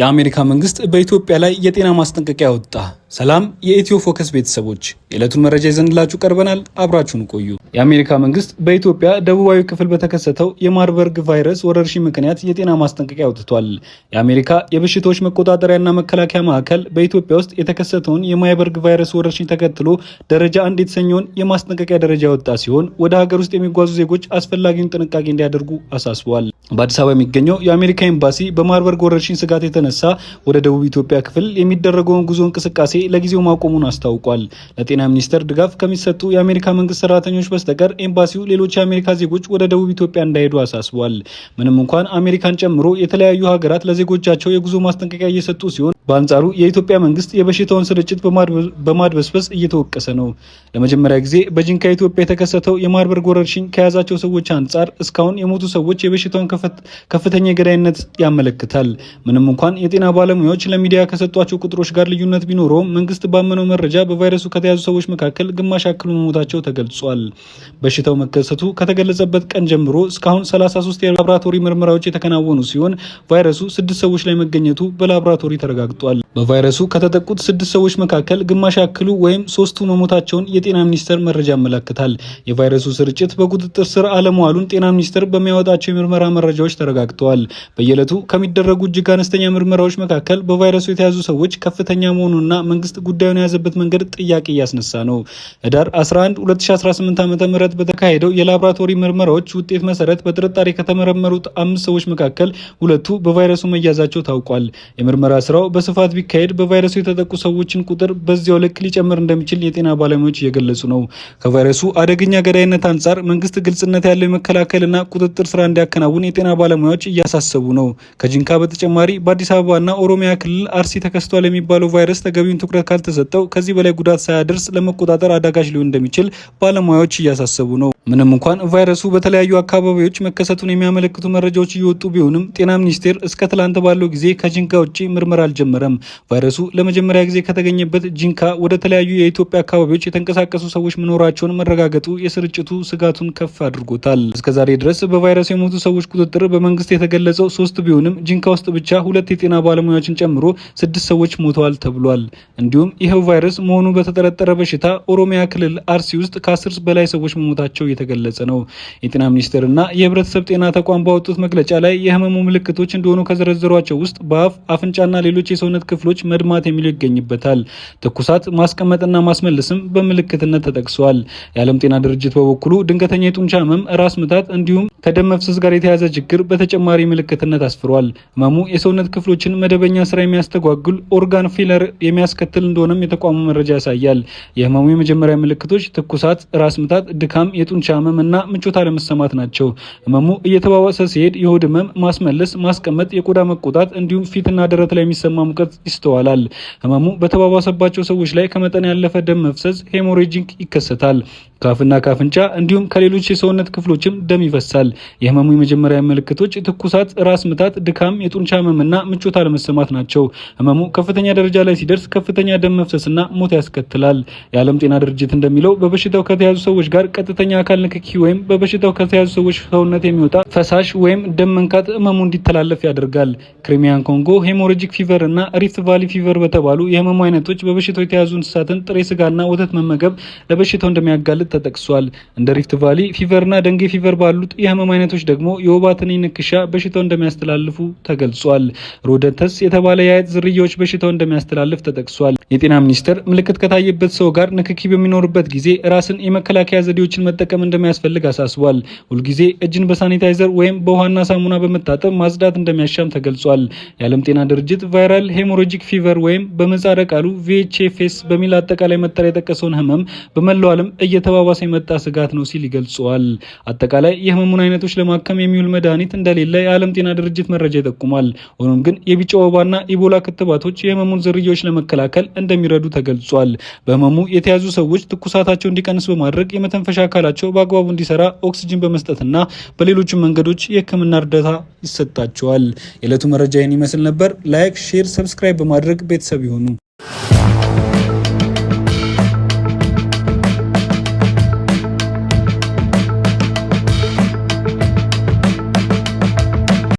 የአሜሪካ መንግስት በኢትዮጵያ ላይ የጤና ማስጠንቀቂያ ወጣ። ሰላም የኢትዮ ፎከስ ቤተሰቦች የዕለቱን መረጃ ይዘንላችሁ ቀርበናል። አብራችሁን ቆዩ። የአሜሪካ መንግስት በኢትዮጵያ ደቡባዊ ክፍል በተከሰተው የማርበርግ ቫይረስ ወረርሽኝ ምክንያት የጤና ማስጠንቀቂያ አውጥቷል። የአሜሪካ የበሽታዎች መቆጣጠሪያና መከላከያ ማዕከል በኢትዮጵያ ውስጥ የተከሰተውን የማርበርግ ቫይረስ ወረርሽኝ ተከትሎ ደረጃ አንድ የተሰኘውን የማስጠንቀቂያ ደረጃ ያወጣ ሲሆን ወደ ሀገር ውስጥ የሚጓዙ ዜጎች አስፈላጊውን ጥንቃቄ እንዲያደርጉ አሳስቧል። በአዲስ አበባ የሚገኘው የአሜሪካ ኤምባሲ በማርበርግ ወረርሽኝ ስጋት የተነሳ ወደ ደቡብ ኢትዮጵያ ክፍል የሚደረገውን ጉዞ እንቅስቃሴ ለጊዜው ማቆሙን አስታውቋል። ለጤና ሚኒስቴር ድጋፍ ከሚሰጡ የአሜሪካ መንግስት ሰራተኞች በስተቀር ኤምባሲው ሌሎች የአሜሪካ ዜጎች ወደ ደቡብ ኢትዮጵያ እንዳይሄዱ አሳስቧል። ምንም እንኳን አሜሪካን ጨምሮ የተለያዩ ሀገራት ለዜጎቻቸው የጉዞ ማስጠንቀቂያ እየሰጡ ሲሆን በአንጻሩ የኢትዮጵያ መንግስት የበሽታውን ስርጭት በማድበስበስ እየተወቀሰ ነው። ለመጀመሪያ ጊዜ በጂንካ ኢትዮጵያ የተከሰተው የማርበርግ ወረርሽኝ ከያዛቸው ሰዎች አንጻር እስካሁን የሞቱ ሰዎች የበሽታውን ከፍተኛ የገዳይነት ያመለክታል። ምንም እንኳን የጤና ባለሙያዎች ለሚዲያ ከሰጧቸው ቁጥሮች ጋር ልዩነት ቢኖረውም መንግስት ባመነው መረጃ በቫይረሱ ከተያዙ ሰዎች መካከል ግማሽ ያክሉ መሞታቸው ተገልጿል። በሽታው መከሰቱ ከተገለጸበት ቀን ጀምሮ እስካሁን 33 የላብራቶሪ ምርመራዎች የተከናወኑ ሲሆን ቫይረሱ ስድስት ሰዎች ላይ መገኘቱ በላብራቶሪ ተረጋግጧል። ተረጋግጧል። በቫይረሱ ከተጠቁት ስድስት ሰዎች መካከል ግማሽ ያክሉ ወይም ሶስቱ መሞታቸውን የጤና ሚኒስቴር መረጃ ያመለክታል። የቫይረሱ ስርጭት በቁጥጥር ስር አለመዋሉን ጤና ሚኒስቴር በሚያወጣቸው የምርመራ መረጃዎች ተረጋግጠዋል። በየዕለቱ ከሚደረጉ እጅግ አነስተኛ ምርመራዎች መካከል በቫይረሱ የተያዙ ሰዎች ከፍተኛ መሆኑና መንግስት ጉዳዩን የያዘበት መንገድ ጥያቄ እያስነሳ ነው። ህዳር 11 2018 ዓ ም በተካሄደው የላቦራቶሪ ምርመራዎች ውጤት መሰረት በጥርጣሬ ከተመረመሩት አምስት ሰዎች መካከል ሁለቱ በቫይረሱ መያዛቸው ታውቋል። የምርመራ ስራው በስፋት ቢካሄድ በቫይረሱ የተጠቁ ሰዎችን ቁጥር በዚያው ልክ ሊጨምር እንደሚችል የጤና ባለሙያዎች እየገለጹ ነው። ከቫይረሱ አደገኛ ገዳይነት አንጻር መንግስት ግልጽነት ያለው የመከላከልና ቁጥጥር ስራ እንዲያከናውን የጤና ባለሙያዎች እያሳሰቡ ነው። ከጅንካ በተጨማሪ በአዲስ አበባና ኦሮሚያ ክልል አርሲ ተከስቷል የሚባለው ቫይረስ ተገቢውን ትኩረት ካልተሰጠው ከዚህ በላይ ጉዳት ሳያደርስ ለመቆጣጠር አዳጋች ሊሆን እንደሚችል ባለሙያዎች እያሳሰቡ ነው። ምንም እንኳን ቫይረሱ በተለያዩ አካባቢዎች መከሰቱን የሚያመለክቱ መረጃዎች እየወጡ ቢሆንም ጤና ሚኒስቴር እስከ ትላንት ባለው ጊዜ ከጂንካ ውጭ ምርመራ አልጀመረም። ቫይረሱ ለመጀመሪያ ጊዜ ከተገኘበት ጂንካ ወደ ተለያዩ የኢትዮጵያ አካባቢዎች የተንቀሳቀሱ ሰዎች መኖራቸውን መረጋገጡ የስርጭቱ ስጋቱን ከፍ አድርጎታል። እስከዛሬ ድረስ በቫይረሱ የሞቱ ሰዎች ቁጥጥር በመንግስት የተገለጸው ሶስት ቢሆንም ጂንካ ውስጥ ብቻ ሁለት የጤና ባለሙያዎችን ጨምሮ ስድስት ሰዎች ሞተዋል ተብሏል። እንዲሁም ይኸው ቫይረስ መሆኑ በተጠረጠረ በሽታ ኦሮሚያ ክልል አርሲ ውስጥ ከአስር በላይ ሰዎች መሞታቸው የተገለጸ ነው። የጤና ሚኒስቴርና የህብረተሰብ ጤና ተቋም ባወጡት መግለጫ ላይ የህመሙ ምልክቶች እንደሆኑ ከዘረዘሯቸው ውስጥ በአፍ አፍንጫና ሌሎች የሰውነት ክፍሎች መድማት የሚሉ ይገኝበታል። ትኩሳት፣ ማስቀመጥና ማስመለስም በምልክትነት ተጠቅሰዋል። የዓለም ጤና ድርጅት በበኩሉ ድንገተኛ የጡንቻ ህመም፣ ራስ ምታት እንዲሁም ከደም መፍሰስ ጋር የተያዘ ችግር በተጨማሪ ምልክትነት አስፍሯል። ህመሙ የሰውነት ክፍሎችን መደበኛ ስራ የሚያስተጓጉል ኦርጋን ፌለር የሚያስከትል እንደሆነም የተቋሙ መረጃ ያሳያል። የህመሙ የመጀመሪያ ምልክቶች ትኩሳት፣ ራስ ምታት፣ ድካም፣ የጡንቻ የጡንቻ ህመም እና ምቾት አለመሰማት ናቸው። ህመሙ እየተባባሰ ሲሄድ የሆድ ህመም፣ ማስመለስ፣ ማስቀመጥ፣ የቆዳ መቆጣት እንዲሁም ፊትና ደረት ላይ የሚሰማ ሙቀት ይስተዋላል። ህመሙ በተባባሰባቸው ሰዎች ላይ ከመጠን ያለፈ ደም መፍሰስ ሄሞሬጂንግ ይከሰታል። ካፍና ካፍንጫ እንዲሁም ከሌሎች የሰውነት ክፍሎችም ደም ይፈሳል። የህመሙ የመጀመሪያ ምልክቶች ትኩሳት፣ ራስ ምታት፣ ድካም፣ የጡንቻ ህመምና ምቾት አለመሰማት ናቸው። ህመሙ ከፍተኛ ደረጃ ላይ ሲደርስ ከፍተኛ ደም መፍሰስና ሞት ያስከትላል። የዓለም ጤና ድርጅት እንደሚለው በበሽታው ከተያዙ ሰዎች ጋር ቀጥተኛ አካል ንክኪ ወይም በበሽታው ከተያዙ ሰዎች ሰውነት የሚወጣ ፈሳሽ ወይም ደም መንካት ህመሙ እንዲተላለፍ ያደርጋል። ክሪሚያን ኮንጎ፣ ሄሞሮጂክ ፊቨር እና ሪፍት ቫሊ ፊቨር በተባሉ የህመሙ አይነቶች በበሽታው የተያዙ እንስሳትን ጥሬ ስጋና ወተት መመገብ ለበሽታው እንደሚያጋልጥ ተጠቅሷል። እንደ ሪፍት ቫሊ ፊቨርና ደንጌ ፊቨር ባሉት የህመም አይነቶች ደግሞ የወባ ትንኝ ንክሻ በሽታው እንደሚያስተላልፉ ተገልጿል። ሮደንተስ የተባለ የአይጥ ዝርያዎች በሽታው እንደሚያስተላልፍ ተጠቅሷል። የጤና ሚኒስቴር ምልክት ከታየበት ሰው ጋር ንክኪ በሚኖርበት ጊዜ ራስን የመከላከያ ዘዴዎችን መጠቀም እንደሚያስፈልግ አሳስቧል። ሁልጊዜ እጅን በሳኒታይዘር ወይም በውሃና ሳሙና በመታጠብ ማጽዳት እንደሚያሻም ተገልጿል። የዓለም ጤና ድርጅት ቫይራል ሄሞሮጂክ ፊቨር ወይም በምህጻረ ቃሉ ቪኤችኤፍኤስ በሚል አጠቃላይ መጠሪያ የጠቀሰውን ህመም በመላው ዓለም እየተባ እየተባባሰ የመጣ ስጋት ነው ሲል ይገልጸዋል። አጠቃላይ የህመሙን አይነቶች ለማከም የሚውል መድኃኒት እንደሌለ የዓለም ጤና ድርጅት መረጃ ይጠቁማል። ሆኖም ግን የቢጫ ወባና ኢቦላ ክትባቶች የህመሙን ዝርያዎች ለመከላከል እንደሚረዱ ተገልጿል። በህመሙ የተያዙ ሰዎች ትኩሳታቸው እንዲቀንስ በማድረግ የመተንፈሻ አካላቸው በአግባቡ እንዲሰራ ኦክስጅን በመስጠትና በሌሎችም መንገዶች የህክምና እርዳታ ይሰጣቸዋል። የዕለቱ መረጃ ይህን ይመስል ነበር። ላይክ፣ ሼር፣ ሰብስክራይብ በማድረግ ቤተሰብ ይሆኑ።